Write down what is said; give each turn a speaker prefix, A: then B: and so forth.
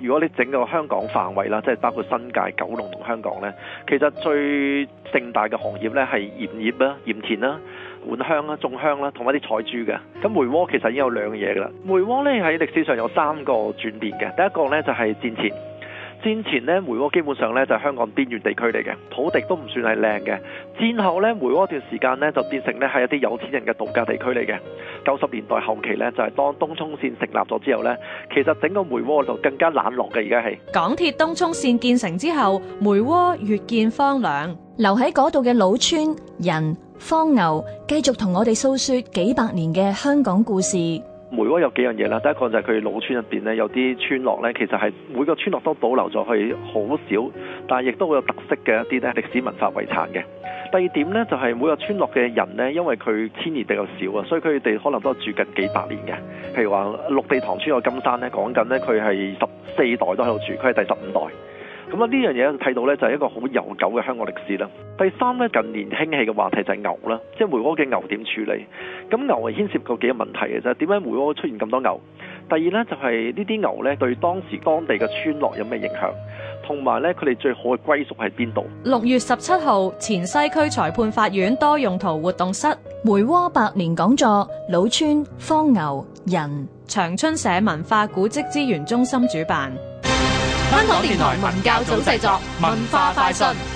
A: 如果你整個香港範圍啦，即係包括新界、九龍同香港呢，其實最盛大嘅行業呢係鹽業啦、鹽田啦、莞香啦、種香啦，同埋啲採珠嘅。咁梅窩其實已經有兩樣嘢噶啦，梅窩呢喺歷史上有三個轉變嘅，第一個呢，就係戰前。先前咧梅窩基本上咧就香港邊緣地區嚟嘅，土地都唔算係靚嘅。戰後咧梅窩一段時間咧就變成咧係一啲有錢人嘅度假地區嚟嘅。九十年代後期咧就係當東涌線成立咗之後咧，其實整個梅窩就更加冷落嘅。而家係
B: 港鐵東涌線建成之後，梅窩越見荒涼，留喺嗰度嘅老村人、荒牛繼續同我哋訴說幾百年嘅香港故事。
A: 梅窩有幾樣嘢啦，第一個就係佢老村入邊咧有啲村落咧，其實係每個村落都保留咗佢好少，但係亦都會有特色嘅一啲咧歷史文化遺產嘅。第二點咧就係每個村落嘅人咧，因為佢遷移比較少啊，所以佢哋可能都係住緊幾百年嘅。譬如話綠地塘村個金山咧，講緊咧佢係十四代都喺度住，佢係第十五代。咁啦，呢樣嘢睇到呢，就係一個好悠久嘅香港歷史啦。第三呢，近年興起嘅話題就係牛啦，即係梅窩嘅牛點處理。咁牛係牽涉過幾個問題嘅啫。點解梅窩出現咁多牛？第二呢就係呢啲牛呢，對當時當地嘅村落有咩影響？同埋呢，佢哋最好嘅歸屬喺邊度？
B: 六月十七號，前西區裁判法院多用途活動室梅窩百年講座：老村荒牛人，長春社文化古蹟資源中心主辦。香港電台文教組製作文組，文化快訊。